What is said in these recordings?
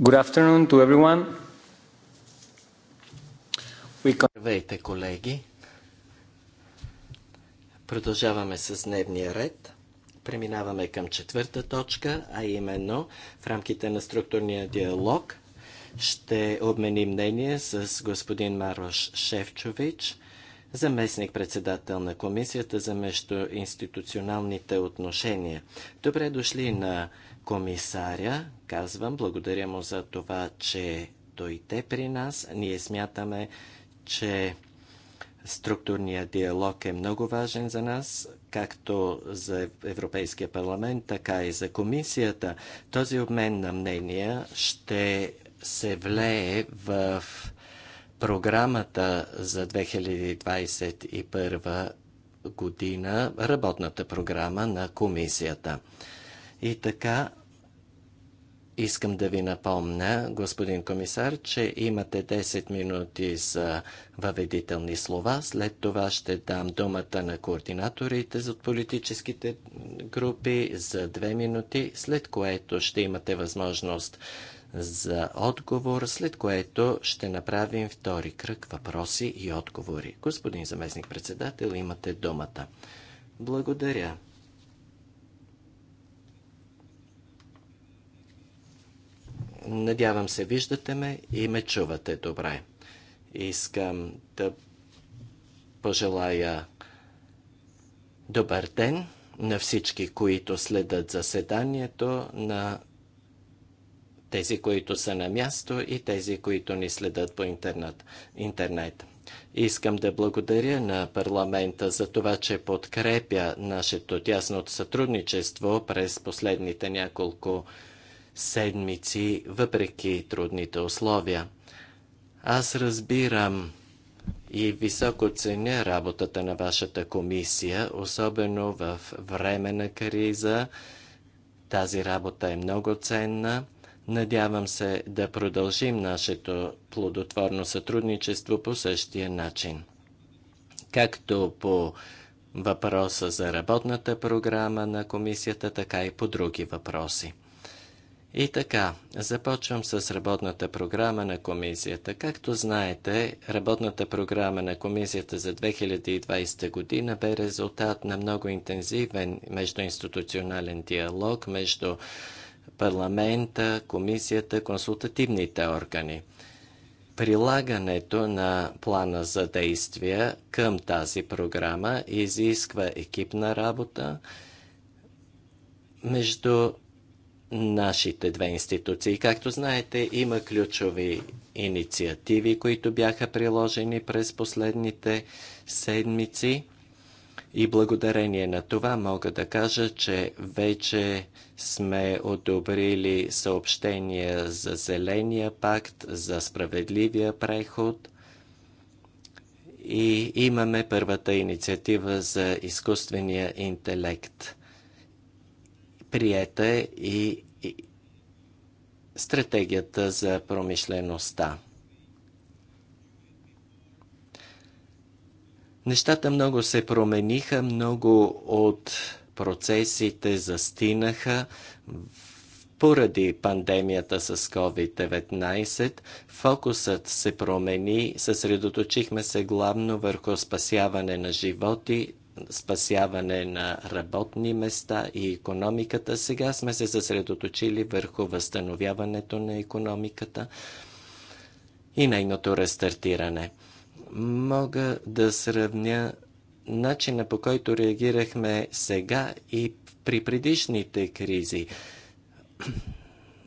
Good afternoon to everyone. We... Здравейте, колеги. Продължаваме с дневния ред. Преминаваме към четвърта точка, а именно в рамките на структурния диалог ще обменим мнение с господин Марош Шевчович, заместник председател на Комисията за междуинституционалните отношения. Добре дошли на комисаря. Казвам, благодаря му за това, че дойде при нас. Ние смятаме, че структурният диалог е много важен за нас, както за Европейския парламент, така и за комисията. Този обмен на мнения ще се влее в програмата за 2021 година, работната програма на комисията. И така Искам да ви напомня, господин комисар, че имате 10 минути за въведителни слова. След това ще дам думата на координаторите от политическите групи за 2 минути, след което ще имате възможност за отговор, след което ще направим втори кръг въпроси и отговори. Господин заместник председател, имате думата. Благодаря. Надявам се, виждате ме и ме чувате добре. Искам да пожелая добър ден на всички, които следят заседанието, на тези, които са на място и тези, които ни следят по интернет. интернет. Искам да благодаря на парламента за това, че подкрепя нашето тясно сътрудничество през последните няколко години седмици, въпреки трудните условия. Аз разбирам и високо ценя работата на вашата комисия, особено в време на криза. Тази работа е много ценна. Надявам се да продължим нашето плодотворно сътрудничество по същия начин. Както по въпроса за работната програма на комисията, така и по други въпроси. И така, започвам с работната програма на комисията. Както знаете, работната програма на комисията за 2020 година бе резултат на много интензивен междуинституционален диалог между парламента, комисията, консултативните органи. Прилагането на плана за действия към тази програма изисква екипна работа между нашите две институции. Както знаете, има ключови инициативи, които бяха приложени през последните седмици. И благодарение на това мога да кажа, че вече сме одобрили съобщения за Зеления пакт, за справедливия преход и имаме първата инициатива за изкуствения интелект. Приета е и, и стратегията за промишлеността. Нещата много се промениха, много от процесите застинаха поради пандемията с COVID-19. Фокусът се промени, съсредоточихме се главно върху спасяване на животи, спасяване на работни места и економиката. Сега сме се съсредоточили върху възстановяването на економиката и нейното рестартиране. Мога да сравня начина по който реагирахме сега и при предишните кризи.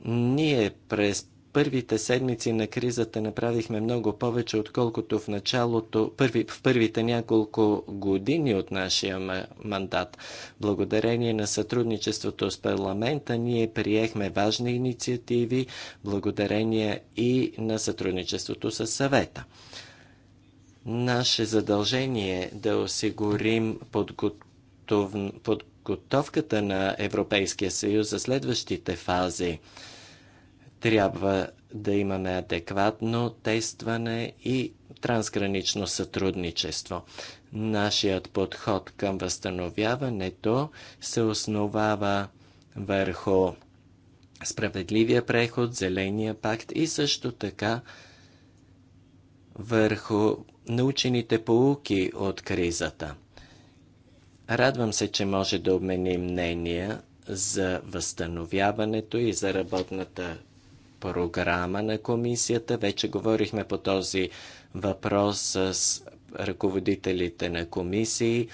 Ние през първите седмици на кризата направихме много повече, отколкото в началото, първи, в първите няколко години от нашия мандат. Благодарение на сътрудничеството с парламента ние приехме важни инициативи, благодарение и на сътрудничеството с съвета. Наше задължение е да осигурим подготовката на Европейския съюз за следващите фази – трябва да имаме адекватно тестване и трансгранично сътрудничество. Нашият подход към възстановяването се основава върху справедливия преход, зеления пакт и също така върху научените поуки от кризата. Радвам се, че може да обменим мнения за възстановяването и за работната програма на комисията. Вече говорихме по този въпрос с ръководителите на комисии.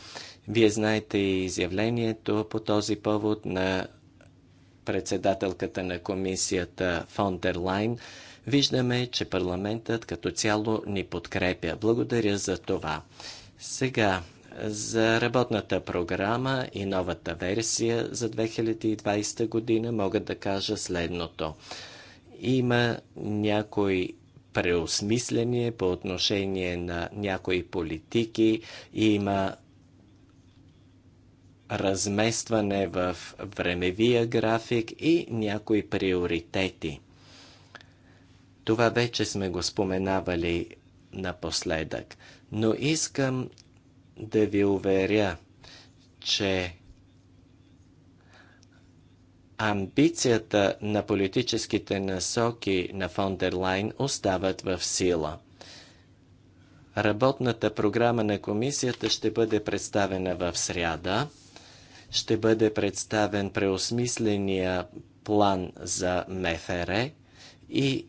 Вие знаете и изявлението по този повод на председателката на комисията Фондерлайн. Виждаме, че парламентът като цяло ни подкрепя. Благодаря за това. Сега за работната програма и новата версия за 2020 година мога да кажа следното. Има някои преосмисление по отношение на някои политики, има разместване в времевия график и някои приоритети. Това вече сме го споменавали напоследък, но искам да ви уверя, че амбицията на политическите насоки на фон дер Лайн остават в сила. Работната програма на комисията ще бъде представена в сряда. Ще бъде представен преосмисления план за МФР и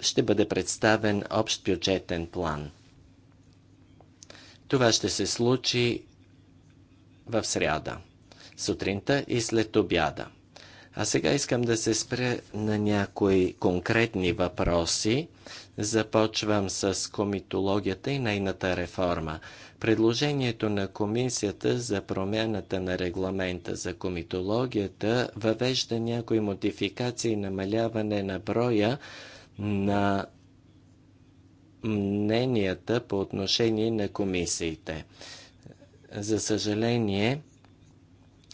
ще бъде представен общ бюджетен план. Това ще се случи в сряда, сутринта и след обяда. А сега искам да се спре на някои конкретни въпроси. Започвам с комитологията и нейната реформа. Предложението на комисията за промяната на регламента за комитологията въвежда някои модификации и намаляване на броя на мненията по отношение на комисиите. За съжаление,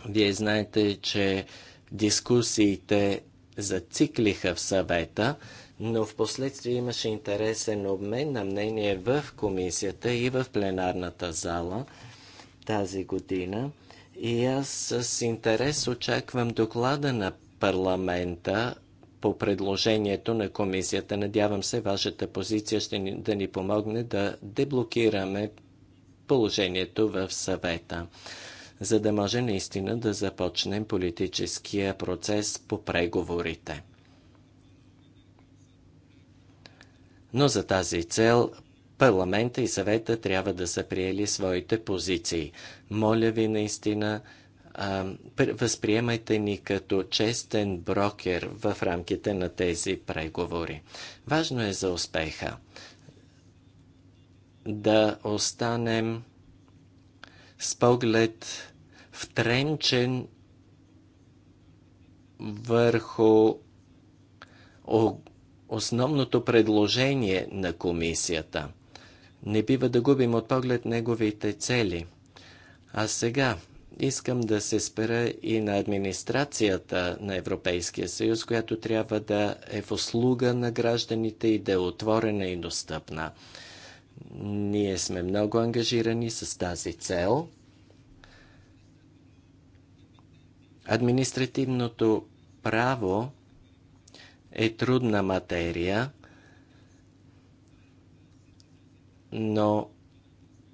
вие знаете, че Дискусиите зациклиха в съвета, но в последствие имаше интересен обмен на мнение в комисията и в пленарната зала тази година. И аз с интерес очаквам доклада на парламента по предложението на комисията. Надявам се, вашата позиция ще ни, да ни помогне да деблокираме положението в съвета за да може наистина да започнем политическия процес по преговорите. Но за тази цел парламента и съвета трябва да са приели своите позиции. Моля ви наистина, възприемайте ни като честен брокер в рамките на тези преговори. Важно е за успеха да останем с поглед втренчен върху основното предложение на комисията. Не бива да губим от поглед неговите цели. А сега искам да се спера и на администрацията на Европейския съюз, която трябва да е в услуга на гражданите и да е отворена и достъпна. Ние сме много ангажирани с тази цел – Административното право е трудна материя, но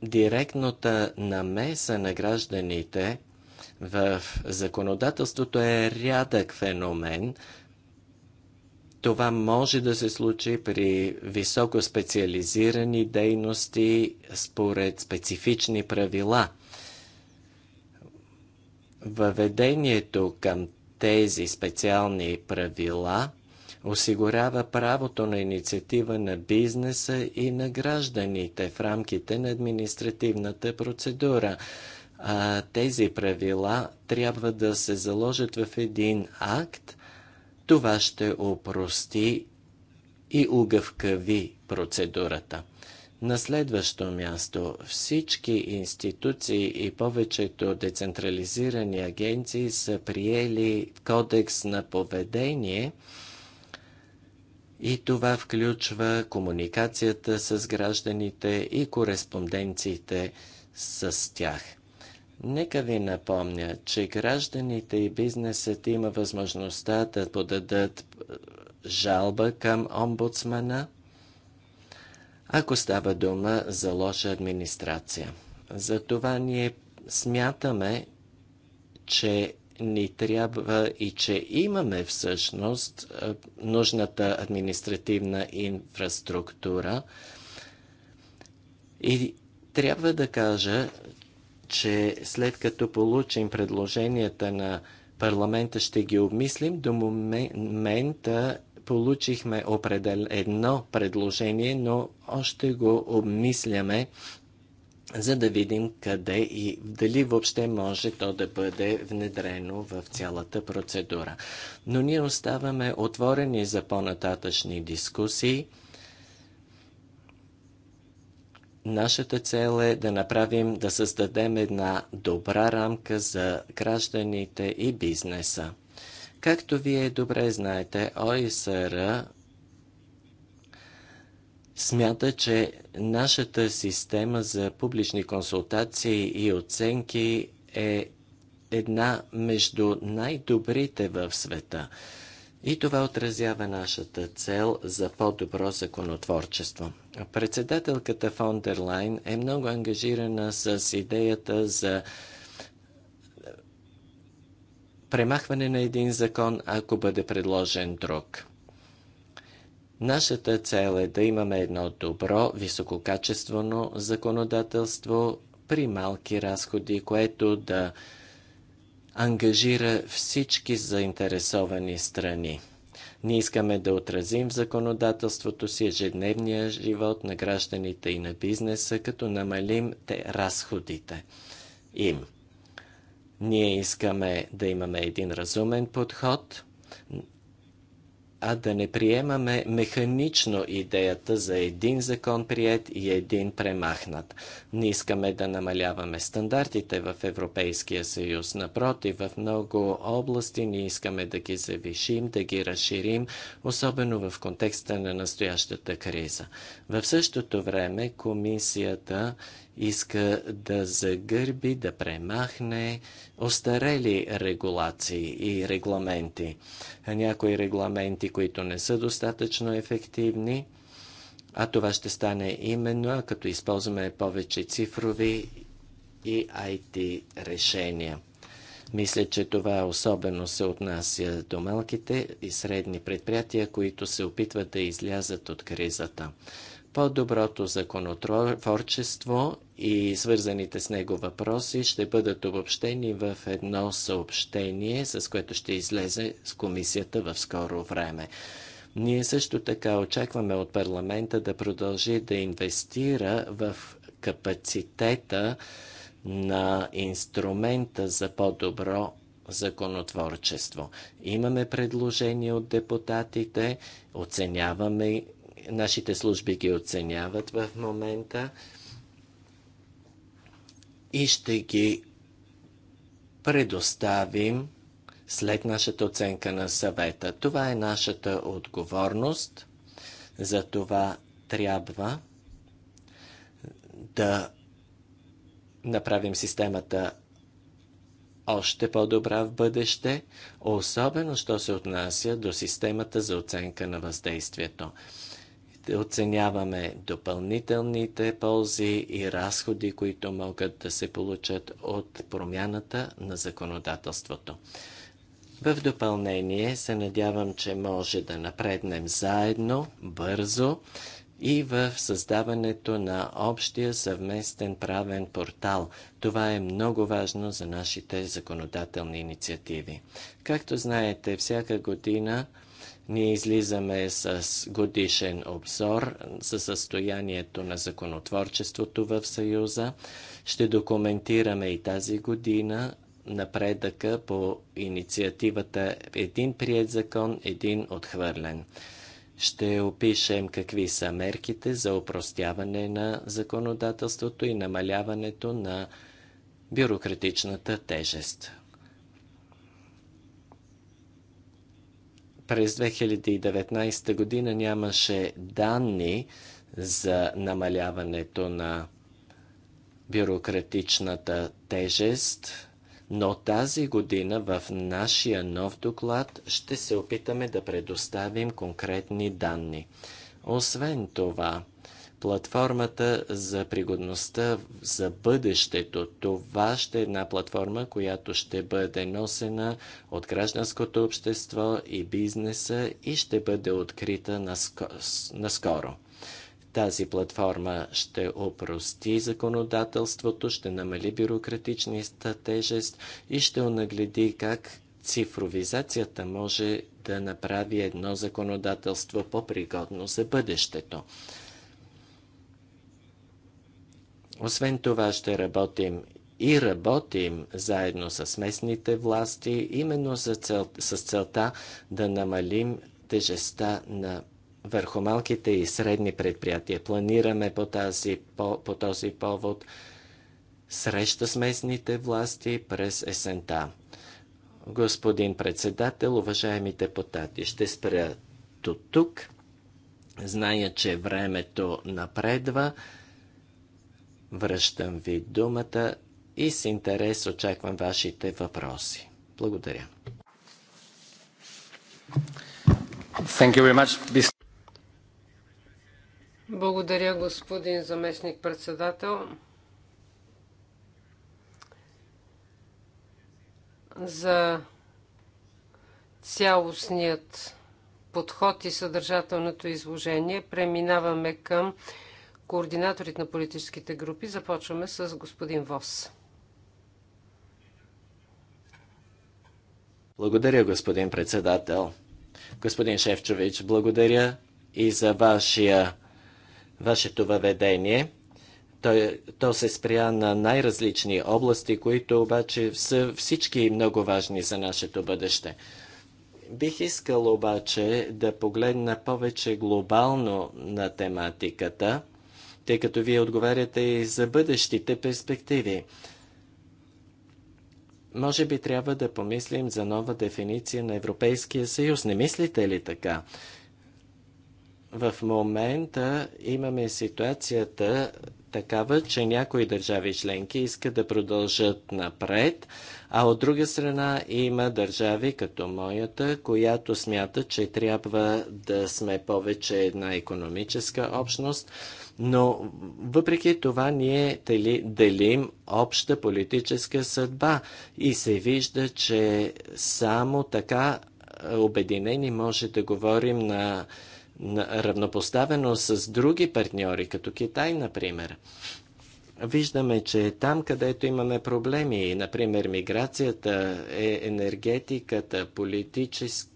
директната намеса на гражданите в законодателството е рядък феномен. Това може да се случи при високо специализирани дейности според специфични правила – Въведението към тези специални правила осигурява правото на инициатива на бизнеса и на гражданите в рамките на административната процедура. А, тези правила трябва да се заложат в един акт. Това ще опрости и угъвкави процедурата. На следващо място, всички институции и повечето децентрализирани агенции са приели кодекс на поведение и това включва комуникацията с гражданите и кореспонденциите с тях. Нека ви напомня, че гражданите и бизнесът има възможността да подадат е, жалба към омбудсмана – ако става дума за лоша администрация. Затова ние смятаме, че ни трябва и че имаме всъщност е, нужната административна инфраструктура. И трябва да кажа, че след като получим предложенията на парламента, ще ги обмислим. До момента получихме определ... едно предложение, но още го обмисляме, за да видим къде и дали въобще може то да бъде внедрено в цялата процедура. Но ние оставаме отворени за по-нататъчни дискусии. Нашата цел е да направим, да създадем една добра рамка за гражданите и бизнеса. Както вие добре знаете, ОИСР смята, че нашата система за публични консултации и оценки е една между най-добрите в света. И това отразява нашата цел за по-добро законотворчество. Председателката фон е много ангажирана с идеята за премахване на един закон, ако бъде предложен друг. Нашата цел е да имаме едно добро, висококачествено законодателство при малки разходи, което да ангажира всички заинтересовани страни. Ние искаме да отразим в законодателството си ежедневния живот на гражданите и на бизнеса, като намалим те разходите им. Ние искаме да имаме един разумен подход, а да не приемаме механично идеята за един закон прият и един премахнат. Не искаме да намаляваме стандартите в Европейския съюз. Напротив, в много области ние искаме да ги завишим, да ги разширим, особено в контекста на настоящата криза. В същото време комисията иска да загърби, да премахне остарели регулации и регламенти. Някои регламенти, които не са достатъчно ефективни, а това ще стане именно като използваме повече цифрови и IT решения. Мисля, че това особено се отнася до малките и средни предприятия, които се опитват да излязат от кризата. По-доброто законотворчество и свързаните с него въпроси ще бъдат обобщени в едно съобщение, с което ще излезе с комисията в скоро време. Ние също така очакваме от парламента да продължи да инвестира в капацитета на инструмента за по-добро законотворчество. Имаме предложения от депутатите, оценяваме Нашите служби ги оценяват в момента и ще ги предоставим след нашата оценка на съвета. Това е нашата отговорност. За това трябва да направим системата още по-добра в бъдеще, особено що се отнася до системата за оценка на въздействието оценяваме допълнителните ползи и разходи, които могат да се получат от промяната на законодателството. В допълнение се надявам, че може да напреднем заедно, бързо и в създаването на общия съвместен правен портал. Това е много важно за нашите законодателни инициативи. Както знаете, всяка година ние излизаме с годишен обзор за състоянието на законотворчеството в Съюза. Ще документираме и тази година напредъка по инициативата Един прият закон, един отхвърлен. Ще опишем какви са мерките за упростяване на законодателството и намаляването на бюрократичната тежест. През 2019 година нямаше данни за намаляването на бюрократичната тежест, но тази година в нашия нов доклад ще се опитаме да предоставим конкретни данни. Освен това, платформата за пригодността за бъдещето. Това ще е една платформа, която ще бъде носена от гражданското общество и бизнеса и ще бъде открита наскоро. Тази платформа ще опрости законодателството, ще намали бюрократичната тежест и ще онагледи как цифровизацията може да направи едно законодателство по-пригодно за бъдещето. Освен това ще работим и работим заедно с местните власти, именно с, цел, с целта да намалим тежестта на върху малките и средни предприятия. Планираме по, тази, по, по този повод среща с местните власти през есента. Господин председател, уважаеми депутати, ще спря до тук. Зная, че времето напредва. Връщам ви думата и с интерес очаквам вашите въпроси. Благодаря. Thank you very much. Благодаря, господин заместник председател. за цялостният подход и съдържателното изложение. Преминаваме към координаторите на политическите групи. Започваме с господин Вос. Благодаря, господин председател. Господин Шефчович, благодаря и за вашия, вашето въведение. То, то се спря на най-различни области, които обаче са всички много важни за нашето бъдеще. Бих искал обаче да погледна повече глобално на тематиката – тъй като вие отговаряте и за бъдещите перспективи. Може би трябва да помислим за нова дефиниция на Европейския съюз. Не мислите ли така? В момента имаме ситуацията такава, че някои държави членки искат да продължат напред, а от друга страна има държави като моята, която смята, че трябва да сме повече една економическа общност но въпреки това ние делим обща политическа съдба и се вижда, че само така е, обединени може да говорим на, на равнопоставено с други партньори, като Китай, например. Виждаме, че там, където имаме проблеми, например миграцията, е, енергетиката, политическа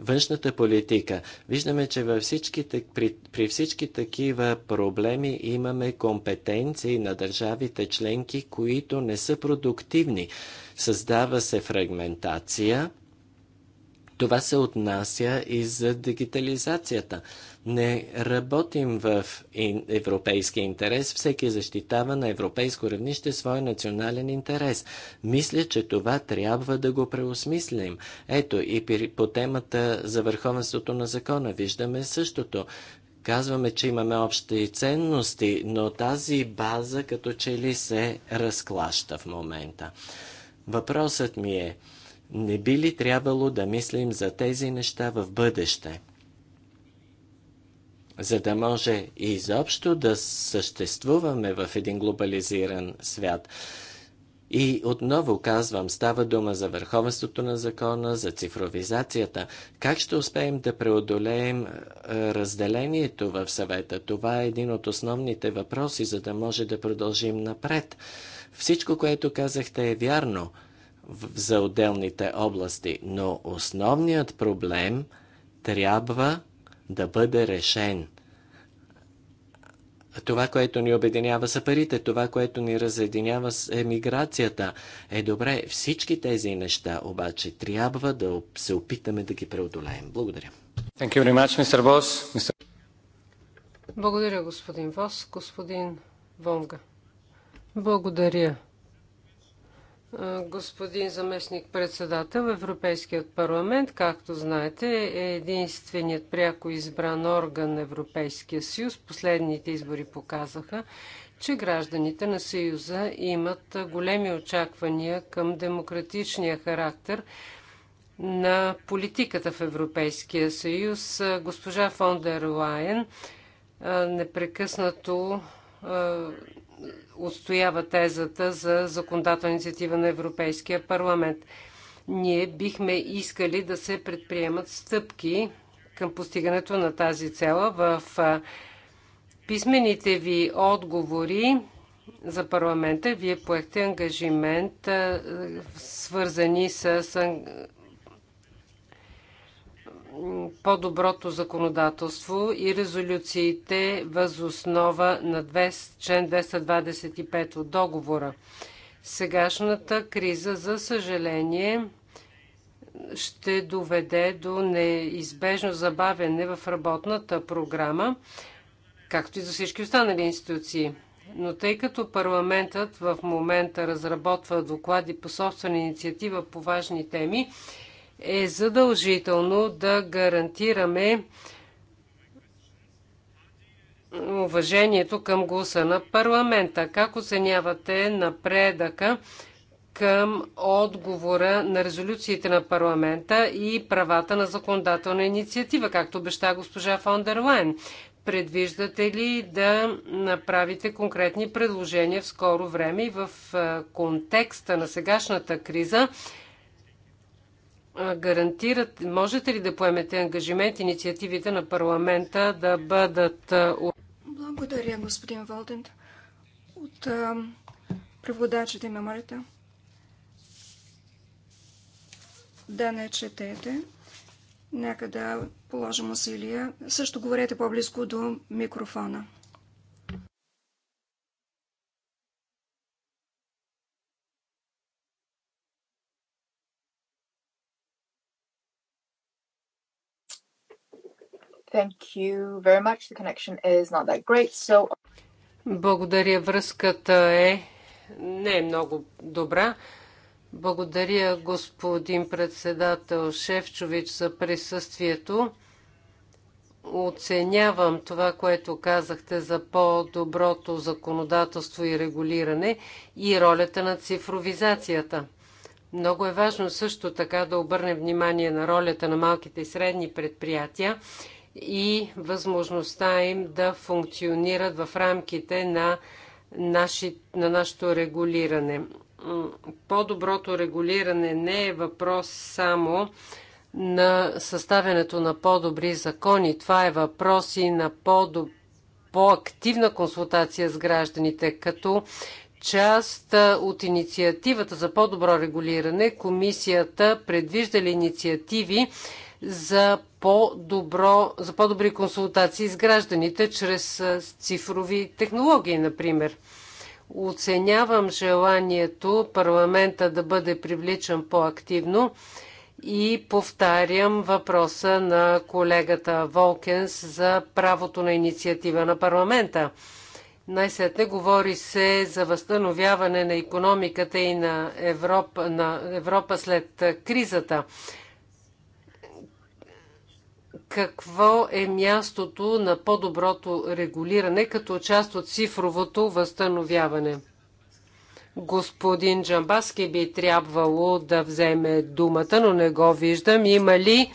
външната политика. Виждаме, че във всички, при, при всички такива проблеми имаме компетенции на държавите членки, които не са продуктивни. Създава се фрагментация това се отнася и за дигитализацията. Не работим в европейски интерес, всеки защитава на европейско равнище своя национален интерес. Мисля, че това трябва да го преосмислим. Ето и по темата за върховенството на закона виждаме същото. Казваме, че имаме общи ценности, но тази база като че ли се разклаща в момента. Въпросът ми е, не би ли трябвало да мислим за тези неща в бъдеще? За да може изобщо да съществуваме в един глобализиран свят. И отново казвам, става дума за върховенството на закона, за цифровизацията. Как ще успеем да преодолеем е, разделението в съвета? Това е един от основните въпроси, за да може да продължим напред. Всичко, което казахте е вярно за отделните области, но основният проблем трябва да бъде решен. Това, което ни обединява са парите, това, което ни разединява с емиграцията. Е добре, всички тези неща обаче трябва да се опитаме да ги преодолеем. Благодаря. Thank you very much, Mr. Boss. Mr. Благодаря, господин Вос. Господин Вонга. Благодаря, господин заместник председател Европейският парламент, както знаете, е единственият пряко избран орган на Европейския съюз. Последните избори показаха, че гражданите на съюза имат големи очаквания към демократичния характер на политиката в Европейския съюз. Госпожа фон дер Лайен непрекъснато отстоява тезата за законодателна инициатива на Европейския парламент. Ние бихме искали да се предприемат стъпки към постигането на тази цела. В писмените ви отговори за парламента вие поехте ангажимент, свързани с по-доброто законодателство и резолюциите въз основа на 200, член 225 от договора. Сегашната криза, за съжаление, ще доведе до неизбежно забавяне в работната програма, както и за всички останали институции. Но тъй като парламентът в момента разработва доклади по собствена инициатива по важни теми, е задължително да гарантираме уважението към гласа на парламента. Как оценявате напредъка към отговора на резолюциите на парламента и правата на законодателна инициатива, както обеща госпожа фон дер Лайн? Предвиждате ли да направите конкретни предложения в скоро време и в контекста на сегашната криза? гарантират, можете ли да поемете ангажимент инициативите на парламента да бъдат... Благодаря, господин Волден. От а, преводачите на молите да не четете. Нека да положим усилия. Също говорете по-близко до микрофона. Thank you very much. The connection is not that great, so... Благодаря. Връзката е не е много добра. Благодаря, господин председател Шевчович за присъствието. Оценявам това, което казахте за по-доброто законодателство и регулиране и ролята на цифровизацията. Много е важно също така да обърнем внимание на ролята на малките и средни предприятия и възможността им да функционират в рамките на, наши, на нашето регулиране. По-доброто регулиране не е въпрос само на съставянето на по-добри закони. Това е въпрос и на по-активна по консултация с гражданите, като част от инициативата за по-добро регулиране, комисията предвижда ли инициативи за по-добро, за по-добри консултации с гражданите чрез цифрови технологии, например. Оценявам желанието парламента да бъде привличан по-активно и повтарям въпроса на колегата Волкенс за правото на инициатива на парламента. Най-сетне говори се за възстановяване на економиката и на Европа, на Европа след кризата какво е мястото на по-доброто регулиране като част от цифровото възстановяване. Господин Джамбаски би трябвало да вземе думата, но не го виждам. Има ли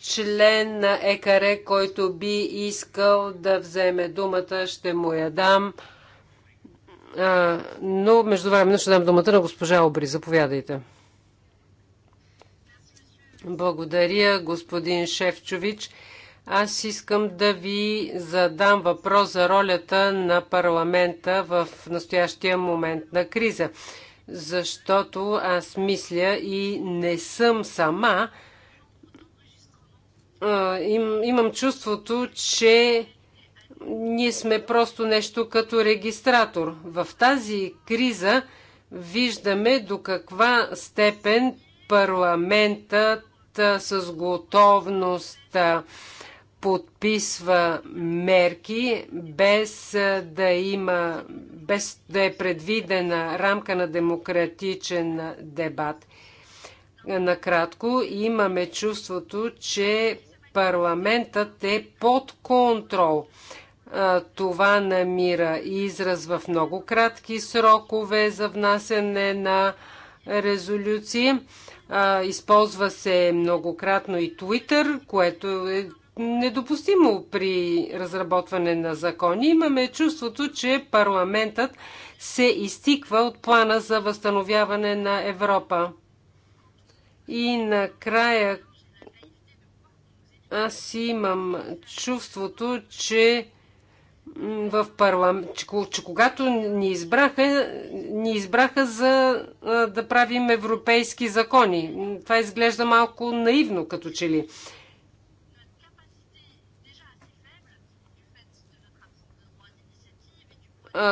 член на ЕКАРЕ, който би искал да вземе думата? Ще му я дам. А, но време ще дам думата на госпожа Обри. Заповядайте. Благодаря, господин Шефчович. Аз искам да ви задам въпрос за ролята на парламента в настоящия момент на криза. Защото аз мисля и не съм сама. Им, имам чувството, че ние сме просто нещо като регистратор. В тази криза виждаме до каква степен парламентът с готовност подписва мерки без да има, без да е предвидена рамка на демократичен дебат. Накратко, имаме чувството, че парламентът е под контрол. Това намира израз в много кратки срокове за внасене на резолюции. А, използва се многократно и Twitter, което е недопустимо при разработване на закони. Имаме чувството, че парламентът се изтиква от плана за възстановяване на Европа. И накрая аз имам чувството, че в парламент, че когато ни избраха, ни избраха за да правим европейски закони. Това изглежда малко наивно, като че ли.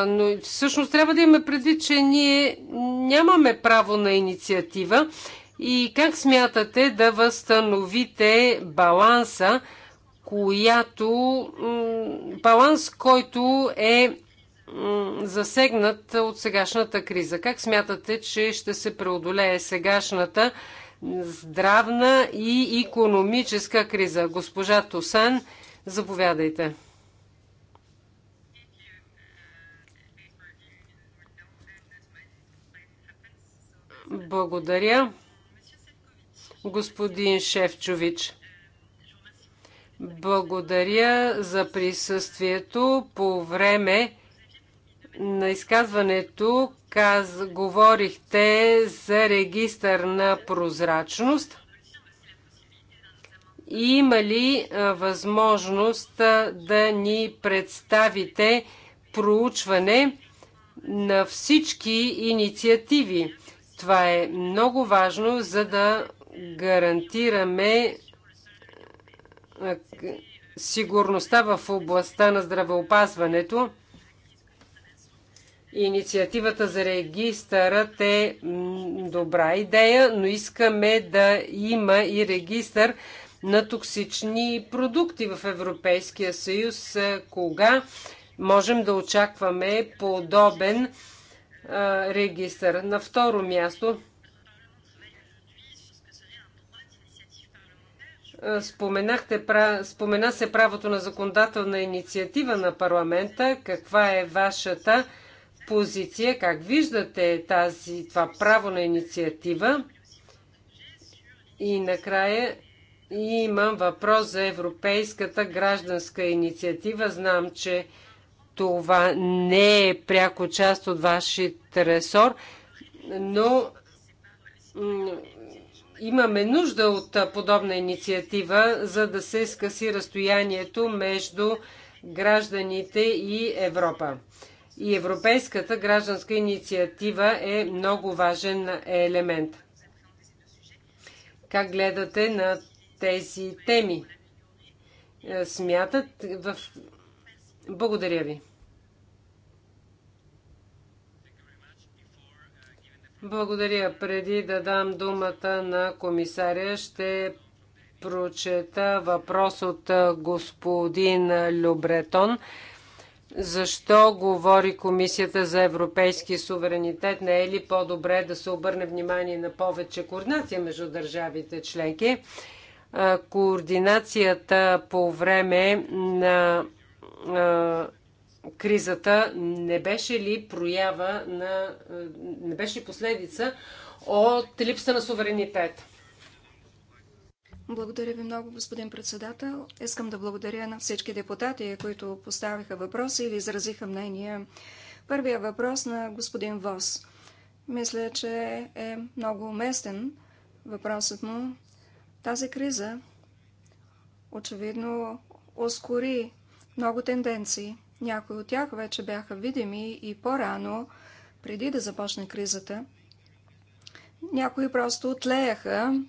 но всъщност трябва да имаме предвид, че ние нямаме право на инициатива. И как смятате да възстановите баланса която баланс, който е засегнат от сегашната криза. Как смятате, че ще се преодолее сегашната здравна и економическа криза? Госпожа Тосан, заповядайте. Благодаря. Господин Шефчович. Благодаря за присъствието по време на изказването каз, говорихте за регистър на прозрачност. Има ли възможност да ни представите проучване на всички инициативи? Това е много важно, за да гарантираме сигурността в областта на здравеопазването. Инициативата за регистърът е добра идея, но искаме да има и регистър на токсични продукти в Европейския съюз. Кога можем да очакваме подобен регистър? На второ място, Е, споменахте, спомена се правото на законодателна инициатива на парламента. Каква е вашата позиция? Как виждате тази, това право на инициатива? И накрая имам въпрос за Европейската гражданска инициатива. Знам, че това не е пряко част от вашия ресор, но Имаме нужда от подобна инициатива, за да се скъси разстоянието между гражданите и Европа. И Европейската гражданска инициатива е много важен елемент. Как гледате на тези теми? Е, смятат в... Благодаря ви. Благодаря. Преди да дам думата на комисаря, ще прочета въпрос от господин Любретон. Защо говори Комисията за европейски суверенитет? Не е ли по-добре да се обърне внимание на повече координация между държавите членки? Координацията по време на кризата не беше ли проява на... Е, не беше ли последица от липса на суверенитет? Благодаря ви много, господин председател. Искам да благодаря на всички депутати, които поставиха въпроси или изразиха мнение. Първия въпрос на господин Вос. Мисля, че е много уместен въпросът му. Тази криза очевидно ускори много тенденции – някои от тях вече бяха видими и по-рано, преди да започне кризата. Някои просто отлеяха,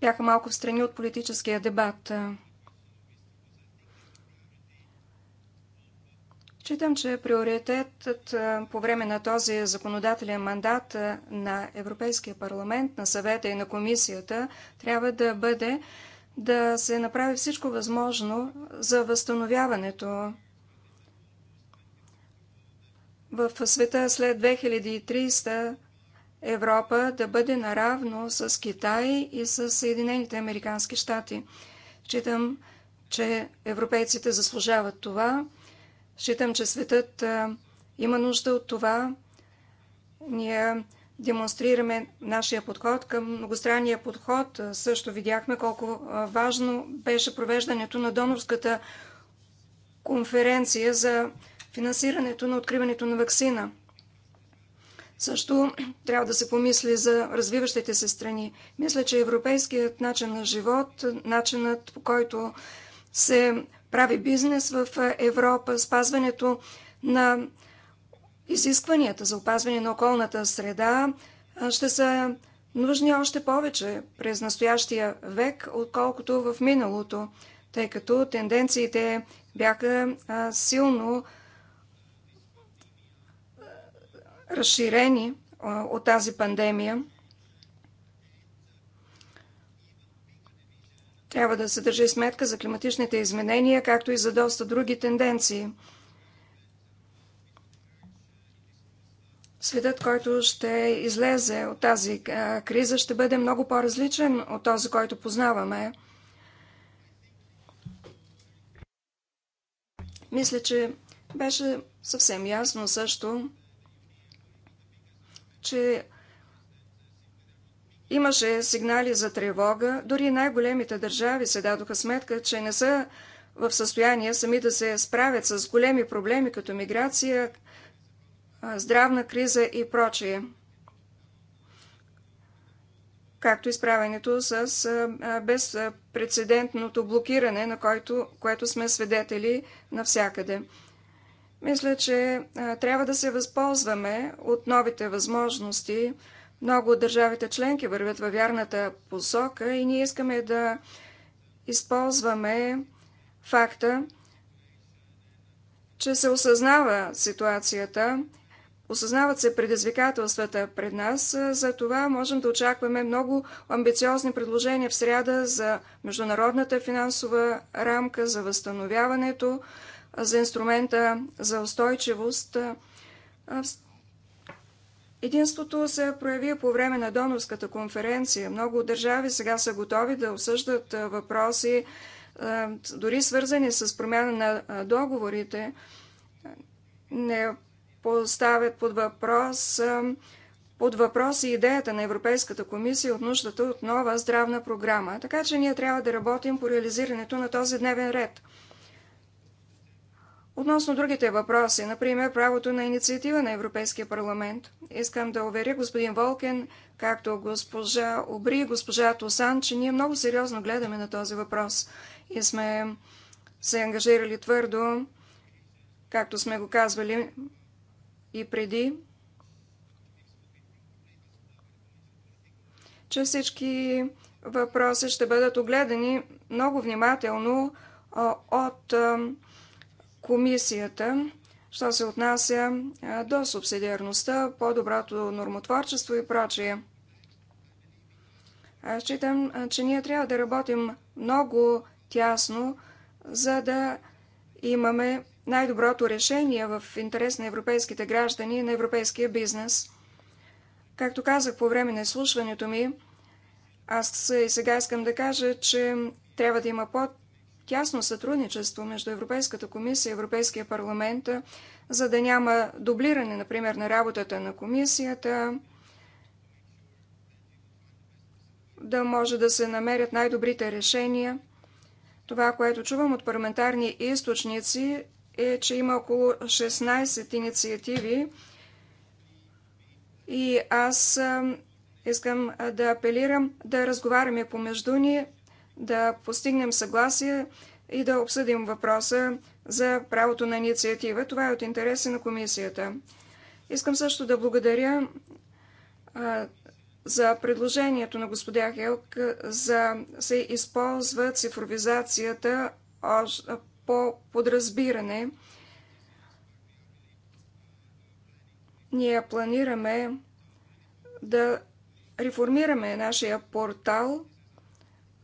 бяха малко встрани от политическия дебат. Читам, че приоритетът по време на този законодателен мандат на Европейския парламент, на съвета и на комисията трябва да бъде да се направи всичко възможно за възстановяването в света след 2300 Европа да бъде наравно с Китай и с Съединените Американски щати. Считам, че европейците заслужават това. Считам, че светът има нужда от това. Ние демонстрираме нашия подход към многостранния подход. Е, също видяхме колко е, важно беше провеждането на донорската конференция за финансирането на откриването на вакцина. Също трябва да се помисли за развиващите се страни. Мисля, че европейският начин на живот, начинът по който се прави бизнес в е, Европа, спазването на изискванията за опазване на околната среда ще са нужни още повече през настоящия век, отколкото в миналото, тъй като тенденциите бяха силно разширени от тази пандемия. Трябва да се държи сметка за климатичните изменения, както и за доста други тенденции – Светът, който ще излезе от тази криза, ще бъде много по-различен от този, който познаваме. Мисля, че беше съвсем ясно също, че имаше сигнали за тревога. Дори най-големите държави се дадоха сметка, че не са в състояние сами да се справят с големи проблеми като миграция, здравна криза и прочие. Както изправенето с безпредседентното блокиране, на който, което сме свидетели навсякъде. Мисля, че трябва да се възползваме от новите възможности. Много от държавите членки вървят във вярната посока и ние искаме да използваме факта, че се осъзнава ситуацията Осъзнават се предизвикателствата пред нас, за това можем да очакваме много амбициозни предложения в среда за международната финансова рамка, за възстановяването, за инструмента за устойчивост. Единството се прояви по време на донорската конференция. Много държави сега са готови да осъждат въпроси, дори свързани с промяна на договорите. Не поставят под въпрос, под въпрос и идеята на Европейската комисия от нуждата от нова здравна програма. Така че ние трябва да работим по реализирането на този дневен ред. Относно другите въпроси, например правото на инициатива на Европейския парламент, искам да уверя господин Волкен, както госпожа Обри, госпожа Тосан, че ние много сериозно гледаме на този въпрос и сме се ангажирали твърдо, както сме го казвали и преди, че всички въпроси ще бъдат огледани много внимателно от комисията, що се отнася до субсидиарността, по-доброто нормотворчество и прочие. Аз считам, че ние трябва да работим много тясно, за да имаме най-доброто решение в интерес на европейските граждани и на европейския бизнес. Както казах по време на изслушването ми, аз и сега искам да кажа, че трябва да има по-тясно сътрудничество между Европейската комисия и Европейския парламент, за да няма дублиране, например, на работата на комисията, да може да се намерят най-добрите решения. Това, което чувам от парламентарни източници, е, че има около 16 инициативи и аз искам да апелирам да разговаряме помежду ни, да постигнем съгласие и да обсъдим въпроса за правото на инициатива. Това е от интереси на комисията. Искам също да благодаря за предложението на господя Хелк за се използва цифровизацията по подразбиране. Ние планираме да реформираме нашия портал,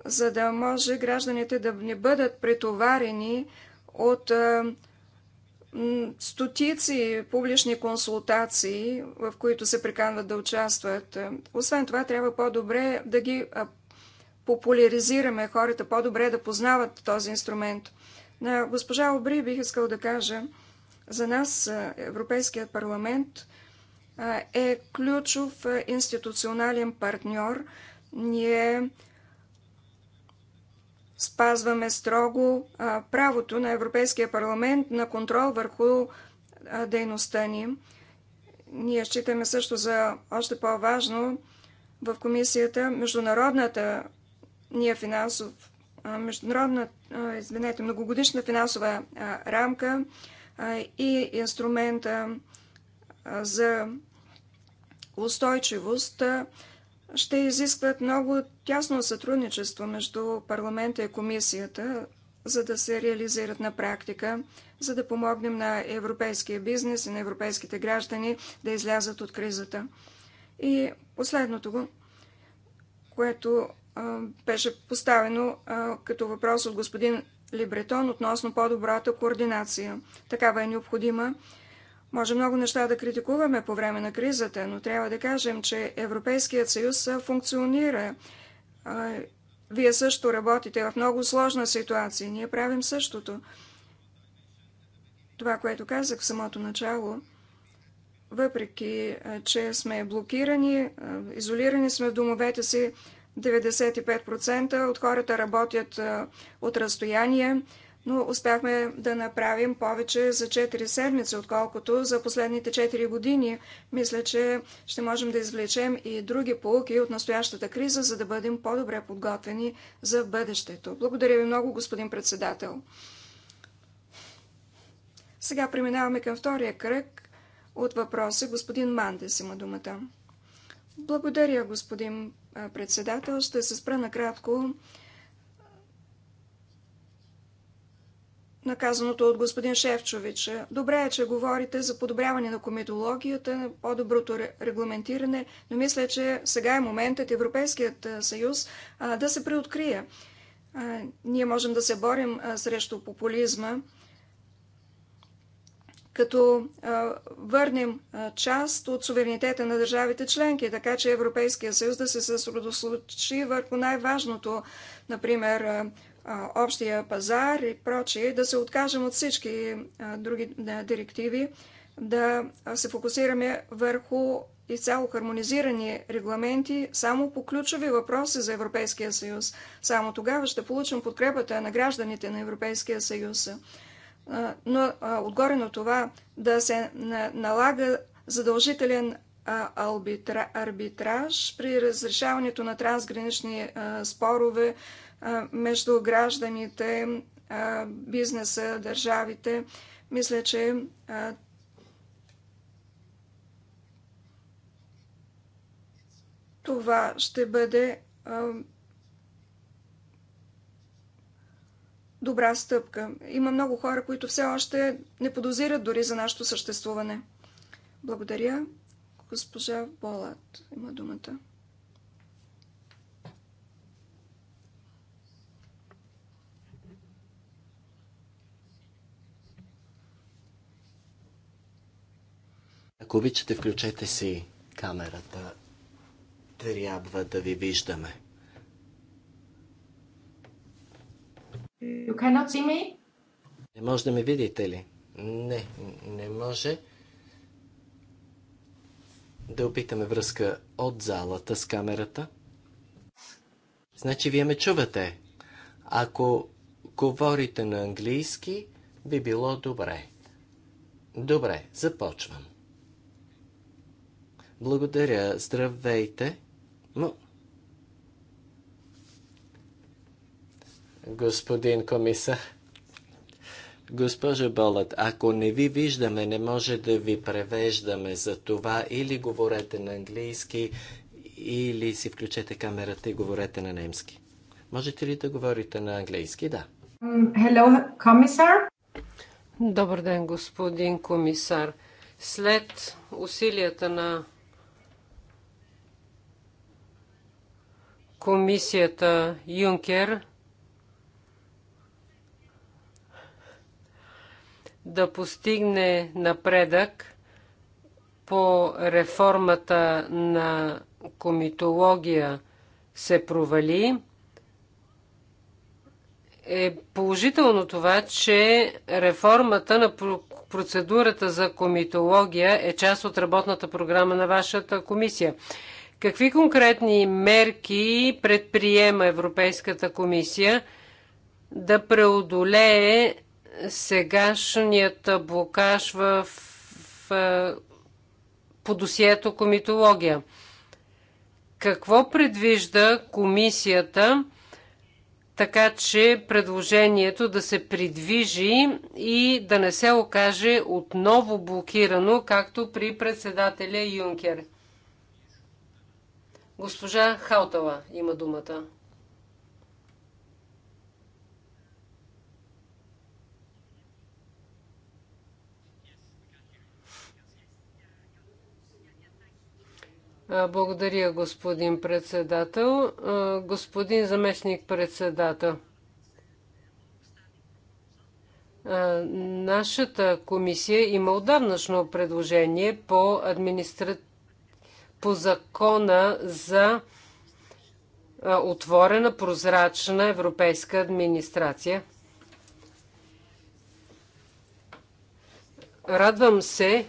за да може гражданите да не бъдат претоварени от стотици публични консултации, в които се приканват да участват. Освен това, трябва по-добре да ги популяризираме, хората по-добре да познават този инструмент. На госпожа Обри бих искал да кажа, за нас Европейският парламент е ключов институционален партньор. Ние спазваме строго правото на Европейския парламент на контрол върху дейността ни. Ние считаме също за още по-важно в комисията международната ние финансов международна, извинете, многогодишна финансова рамка и инструмента за устойчивост ще изискват много тясно сътрудничество между парламента и комисията, за да се реализират на практика, за да помогнем на европейския бизнес и на европейските граждани да излязат от кризата. И последното, което беше поставено като въпрос от господин Либретон относно по-добрата координация. Такава е необходима. Може много неща да критикуваме по време на кризата, но трябва да кажем, че Европейският съюз функционира. Вие също работите в много сложна ситуация. Ние правим същото. Това, което казах в самото начало, въпреки, че сме блокирани, изолирани сме в домовете си, 95% от хората работят от разстояние, но успяхме да направим повече за 4 седмици, отколкото за последните 4 години. Мисля, че ще можем да извлечем и други полуки от настоящата криза, за да бъдем по-добре подготвени за бъдещето. Благодаря ви много, господин председател. Сега преминаваме към втория кръг от въпроси. Господин Мандес има думата. Благодаря, господин председател. Ще се спра накратко наказаното от господин Шевчович. Добре е, че говорите за подобряване на комитологията, по-доброто регламентиране, но мисля, че сега е моментът Европейският съюз да се преоткрие. Ние можем да се борим срещу популизма, като върнем част от суверенитета на държавите членки, така че Европейския съюз да се съсредоточи върху най-важното, например общия пазар и прочие, да се откажем от всички други директиви, да се фокусираме върху изцяло хармонизирани регламенти само по ключови въпроси за Европейския съюз. Само тогава ще получим подкрепата на гражданите на Европейския съюз но отгоре на това да се налага задължителен арбитраж при разрешаването на трансгранични спорове между гражданите, бизнеса, държавите. Мисля, че това ще бъде добра стъпка. Има много хора, които все още не подозират дори за нашето съществуване. Благодаря. Госпожа Болат има думата. Ако обичате, включете си камерата. Трябва да ви виждаме. You cannot see me? Не може да ме видите ли? Не, не може. Да опитаме връзка от залата с камерата. Значи вие ме чувате. Ако говорите на английски, би било добре. Добре, започвам. Благодаря, здравейте. Но господин комисар. Госпожо Болът, ако не ви виждаме, не може да ви превеждаме за това. Или говорете на английски, или си включете камерата и говорете на немски. Можете ли да говорите на английски? Да. Hello, комисар. Добър ден, господин комисар. След усилията на комисията Юнкер, да постигне напредък по реформата на комитология се провали, е положително това, че реформата на процедурата за комитология е част от работната програма на вашата комисия. Какви конкретни мерки предприема Европейската комисия да преодолее сегашният блокаж в, в по досието комитология. Какво предвижда комисията, така че предложението да се придвижи и да не се окаже отново блокирано, както при председателя Юнкер? Госпожа Хаутала има думата. Благодаря, господин председател. Господин заместник председател, нашата комисия има отдавнашно предложение по, администра... по закона за отворена, прозрачна европейска администрация. Радвам се,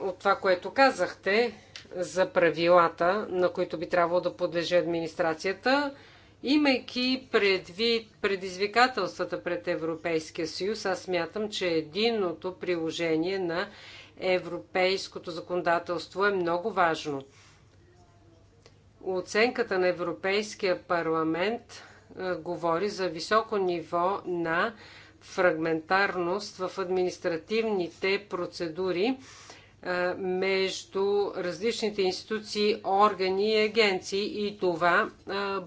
от това, което казахте за правилата, на които би трябвало да подлежи администрацията, имайки предвид предизвикателствата пред Европейския съюз, аз смятам, че единното приложение на европейското законодателство е много важно. Оценката на Европейския парламент говори за високо ниво на фрагментарност в административните процедури между различните институции, органи и агенции и това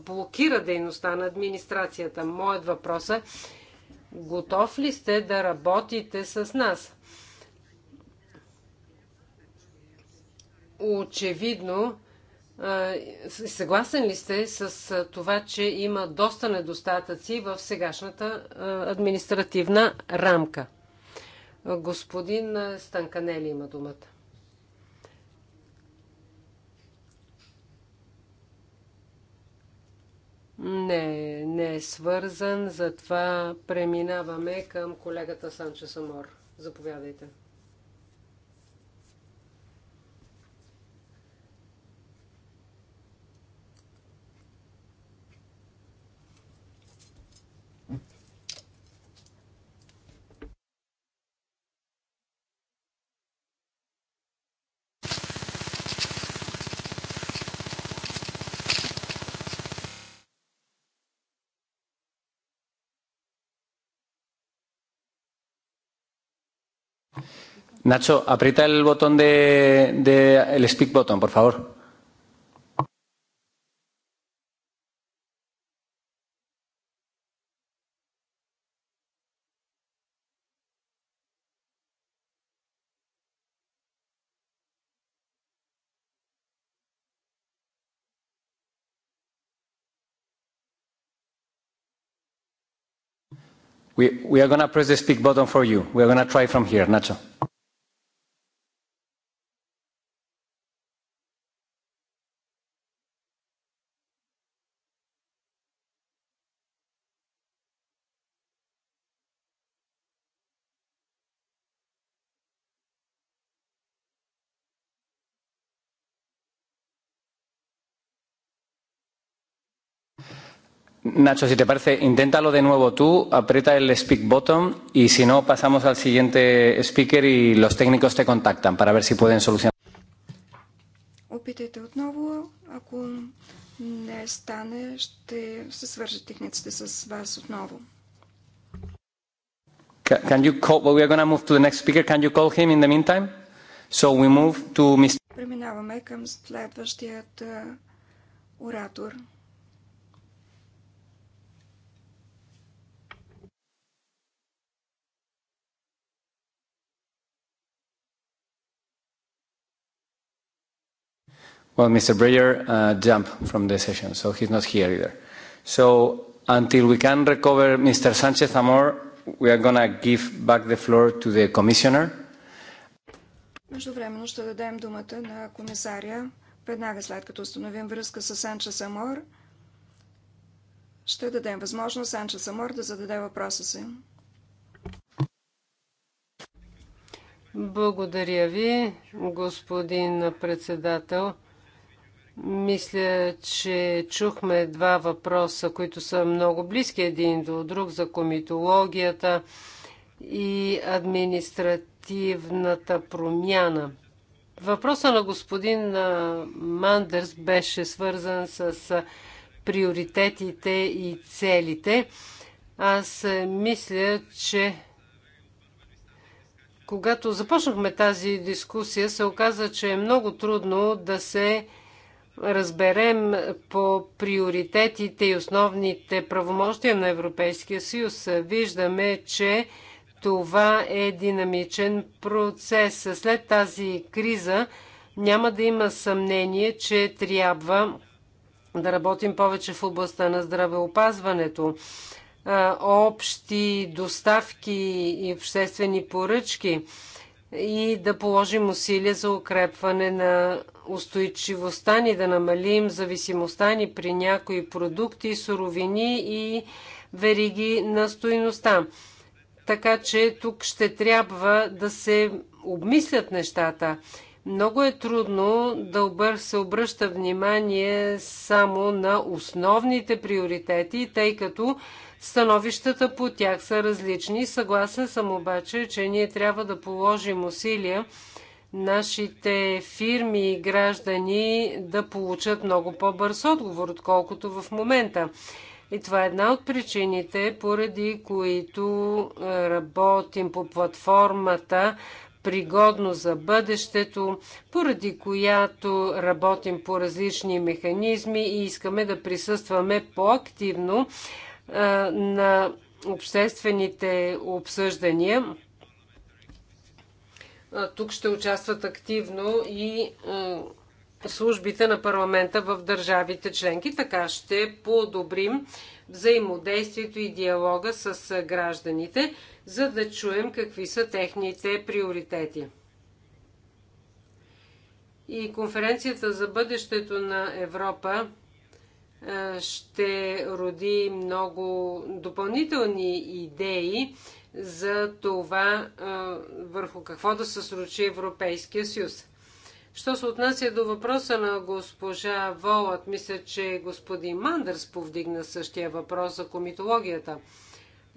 блокира дейността на администрацията. Моят въпрос е, готов ли сте да работите с нас? Очевидно, съгласен ли сте с това, че има доста недостатъци в сегашната административна рамка? Господин Станканели има думата. Не, не е свързан, затова преминаваме към колегата Санчо Самор. Заповядайте. Nacho, aprieta el botón de, de el speak button, por favor. We, we are going to press the speak button for you. We are going to try from here, Nacho. Nacho, si te parece, inténtalo de nuevo tú, aprieta el speak button y si no, pasamos al siguiente speaker y los técnicos te contactan para ver si pueden solucionar. Опитайте отново. Ако не стане, ще се свържат техниците с вас отново. Can you call, well, we are going to move to the next speaker. Can you call him in the meantime? So we move to Mr. Преминаваме към следващият оратор. Uh, Well, Mr. Breyer uh, jumped from the session, so he's not here either. So until we can recover Mr. Sanchez Amor, we are going to give back the floor to the commissioner. Междувременно ще дадем думата на комисаря. Веднага след като установим връзка с Санчес Амор, ще дадем възможност Санчес Амор да зададе въпроса си. Благодаря ви, господин председател. Мисля, че чухме два въпроса, които са много близки един до друг за комитологията и административната промяна. Въпроса на господин Мандърс беше свързан с приоритетите и целите. Аз мисля, че когато започнахме тази дискусия, се оказа, че е много трудно да се разберем по приоритетите и основните правомощия на Европейския съюз, виждаме, че това е динамичен процес. След тази криза няма да има съмнение, че трябва да работим повече в областта на здравеопазването. Общи доставки и обществени поръчки – и да положим усилия за укрепване на устойчивостта ни, да намалим зависимостта ни при някои продукти, суровини и вериги на стоиността. Така че тук ще трябва да се обмислят нещата. Много е трудно да се обръща внимание само на основните приоритети, тъй като Становищата по тях са различни. Съгласен съм обаче, че ние трябва да положим усилия нашите фирми и граждани да получат много по-бърз отговор, отколкото в момента. И това е една от причините, поради които е, работим по платформата пригодно за бъдещето, поради която работим по различни механизми и искаме да присъстваме по-активно на обществените обсъждания. Тук ще участват активно и службите на парламента в държавите членки. Така ще подобрим взаимодействието и диалога с гражданите, за да чуем какви са техните приоритети. И конференцията за бъдещето на Европа ще роди много допълнителни идеи за това върху какво да се сручи Европейския съюз. Що се отнася до въпроса на госпожа Волът, мисля, че господин Мандърс повдигна същия въпрос за комитологията.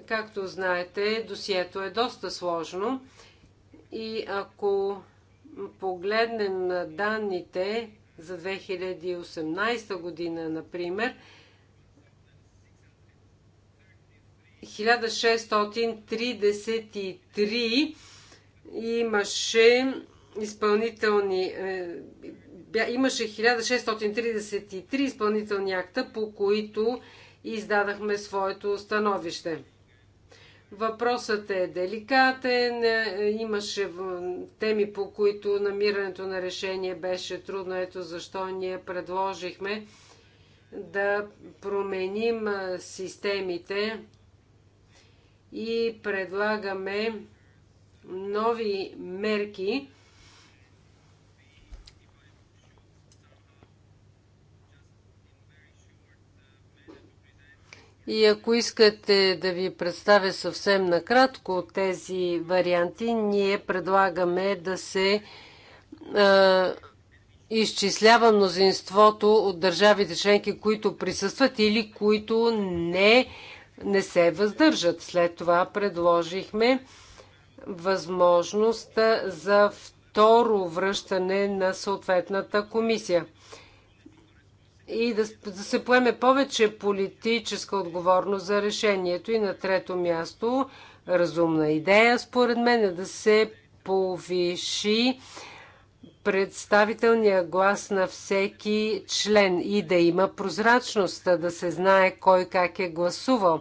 Както знаете, досието е доста сложно и ако погледнем данните, за 2018 година, например, 1633 имаше изпълнителни е, имаше 1633 изпълнителни акта, по които издадахме своето становище. Въпросът е деликатен, е, имаше теми, по които намирането на решение беше трудно. Ето защо ние предложихме да променим е, системите и предлагаме нови мерки, И ако искате да ви представя съвсем накратко тези варианти, ние предлагаме да се а, изчислява мнозинството от държавите членки, които присъстват или които не, не се въздържат. След това предложихме възможността за второ връщане на съответната комисия и да, да се поеме повече политическа отговорност за решението. И на трето място, разумна идея, според мен, е да се повиши представителния глас на всеки член и да има прозрачност, да се знае кой как е гласувал.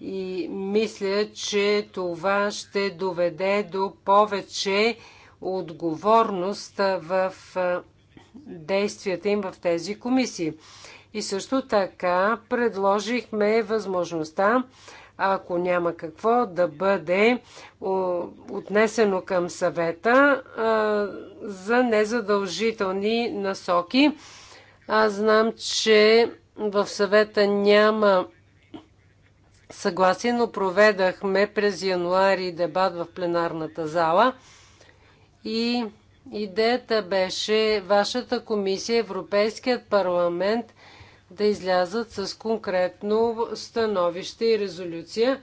И мисля, че това ще доведе до повече отговорност в действията им в тези комисии. И също така предложихме възможността, ако няма какво да бъде отнесено към съвета за незадължителни насоки. Аз знам, че в съвета няма съгласие, но проведахме през януари дебат в пленарната зала и Идеята беше вашата комисия, Европейският парламент да излязат с конкретно становище и резолюция.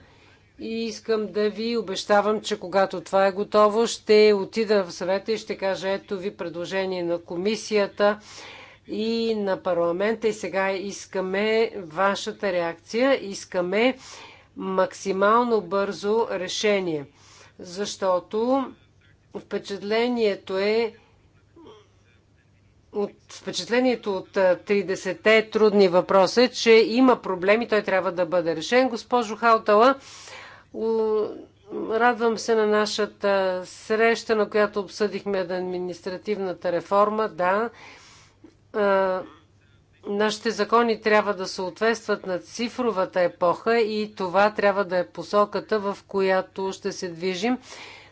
И искам да ви обещавам, че когато това е готово, ще отида в съвета и ще кажа ето ви предложение на комисията и на парламента. И сега искаме вашата реакция. Искаме максимално бързо решение, защото Впечатлението е от впечатлението от 30-те трудни въпроса че има проблеми, той трябва да бъде решен. Госпожо Халтала, радвам се на нашата среща, на която обсъдихме административната реформа. Да, Нашите закони трябва да съответстват на цифровата епоха и това трябва да е посоката, в която ще се движим.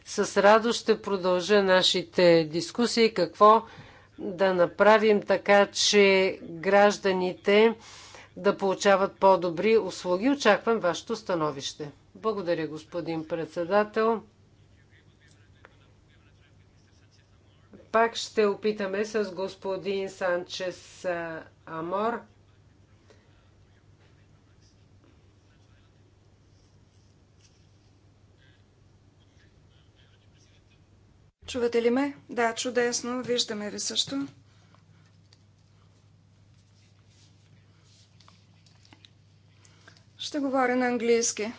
С радост ще продължа нашите дискусии. Какво да направим така, че гражданите да получават по-добри услуги. Очаквам вашето становище. Благодаря, господин председател. Пак ще опитаме с господин Санчес Амор. Чувате ли ме? Да, чудесно. Виждаме ви също. Ще говоря на английски.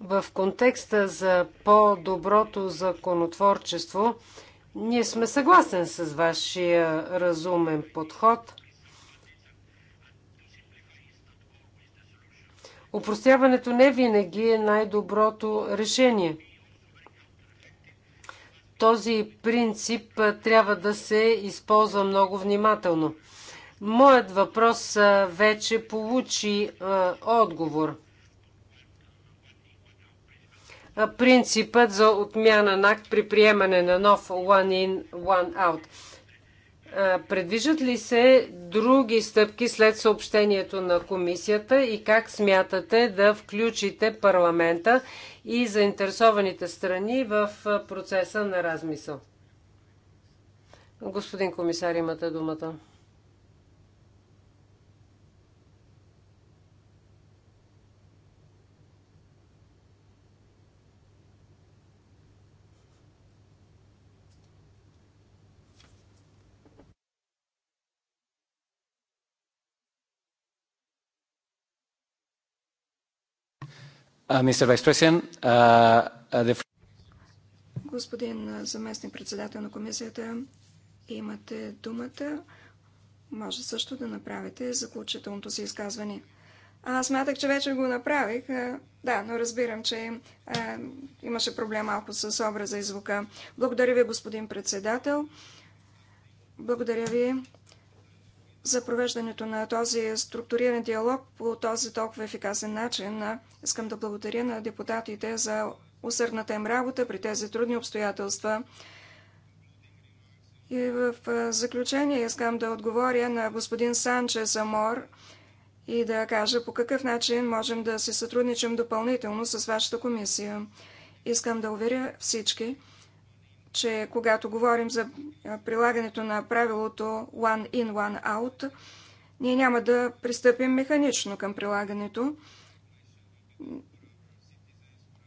В контекста за по-доброто законотворчество, ние сме съгласен с вашия разумен подход – Опростяването не винаги е най-доброто решение. Този принцип трябва да се използва много внимателно. Моят въпрос вече получи отговор. принципът за отмяна на акт при приемане на нов One In, One Out. Предвижат ли се други стъпки след съобщението на комисията и как смятате да включите парламента и заинтересованите страни в процеса на размисъл? Господин комисар, имате думата. Mr. Vice President, the... Господин заместник председател на комисията, имате думата. Може също да направите заключителното си изказване. Аз смятах, че вече го направих. Да, но разбирам, че е, имаше проблем малко с образа и звука. Благодаря ви, господин председател. Благодаря ви за провеждането на този структуриран диалог по този толкова ефикасен начин. Искам да благодаря на депутатите за усърдната им работа при тези трудни обстоятелства. И в заключение искам да отговоря на господин Санчес Амор и да кажа по какъв начин можем да се сътрудничим допълнително с вашата комисия. Искам да уверя всички, че когато говорим за прилагането на правилото one in, one out, ние няма да пристъпим механично към прилагането.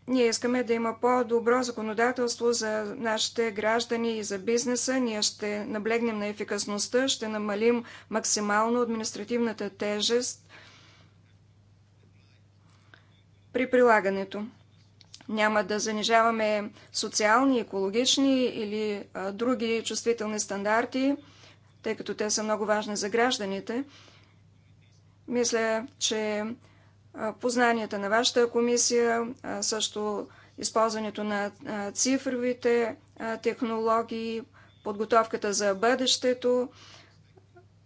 Ние искаме да има по-добро законодателство за нашите граждани и за бизнеса. Ние ще наблегнем на ефикасността, ще намалим максимално административната тежест при прилагането. Няма да занижаваме социални, екологични или а, други чувствителни стандарти, тъй като те са много важни за гражданите. Мисля, че а, познанията на вашата комисия, а, също използването на а, цифровите а, технологии, подготовката за бъдещето, а,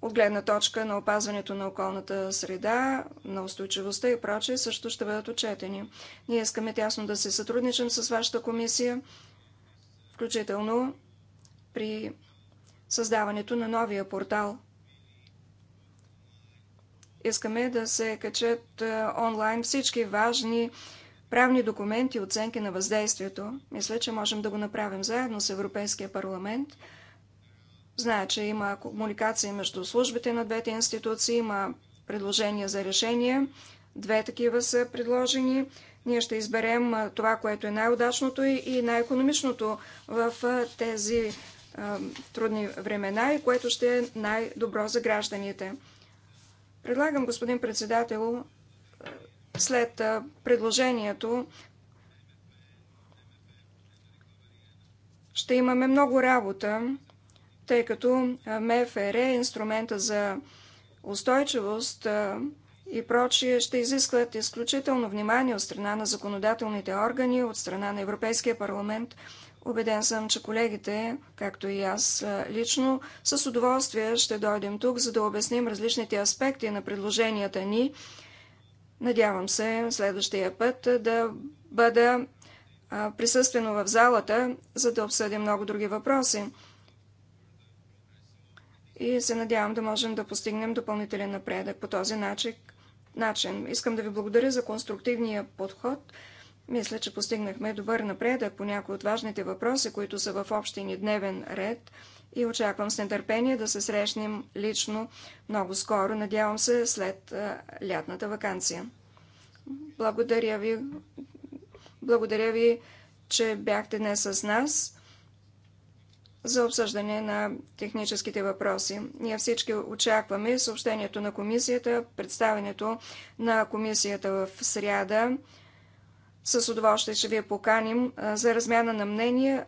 от гледна точка на опазването на околната среда, на устойчивостта и прочее, също ще бъдат отчетени. Ние искаме тясно да се сътрудничим с вашата комисия, включително при създаването на новия портал. Искаме да се качат е, онлайн всички важни правни документи, оценки на въздействието. Мисля, че можем да го направим заедно с Европейския парламент – Знае, че има комуникация между службите на двете институции, има предложения за решение. Две такива са предложени. Ние ще изберем това, което е най-удачното и най-економичното в тези трудни времена и което ще е най-добро за гражданите. Предлагам, господин председател, след предложението ще имаме много работа тъй като МФР, е инструмента за устойчивост и прочие ще изискват изключително внимание от страна на законодателните органи, от страна на Европейския парламент. Обеден съм, че колегите, както и аз лично, с удоволствие ще дойдем тук, за да обясним различните аспекти на предложенията ни. Надявам се следващия път да бъда присъствено в залата, за да обсъдим много други въпроси и се надявам да можем да постигнем допълнителен напредък по този начин. Искам да ви благодаря за конструктивния подход. Мисля, че постигнахме добър напредък по някои от важните въпроси, които са в общия ни дневен ред и очаквам с нетърпение да се срещнем лично много скоро, надявам се след лятната вакансия. Благодаря ви, благодаря ви, че бяхте днес с нас за обсъждане на техническите въпроси. Ние всички очакваме съобщението на комисията, представенето на комисията в сряда. С удоволствие ще ви поканим за размяна на мнения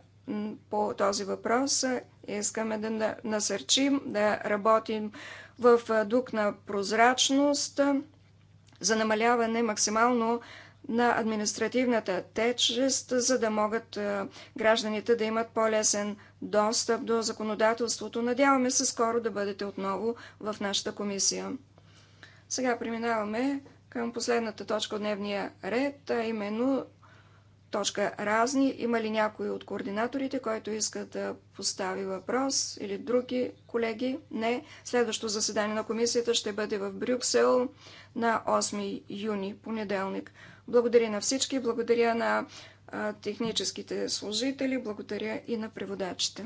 по този въпрос. Искаме да насърчим, да работим в дух на прозрачност за намаляване максимално на административната течест, за да могат е, гражданите да имат по-лесен достъп до законодателството. Надяваме се скоро да бъдете отново в нашата комисия. Сега преминаваме към последната точка от дневния ред, а именно точка разни. Има ли някой от координаторите, който иска да постави въпрос или други колеги? Не. Следващото заседание на комисията ще бъде в Брюксел на 8 юни, понеделник. Благодаря на всички, благодаря на техническите служители, благодаря и на преводачите.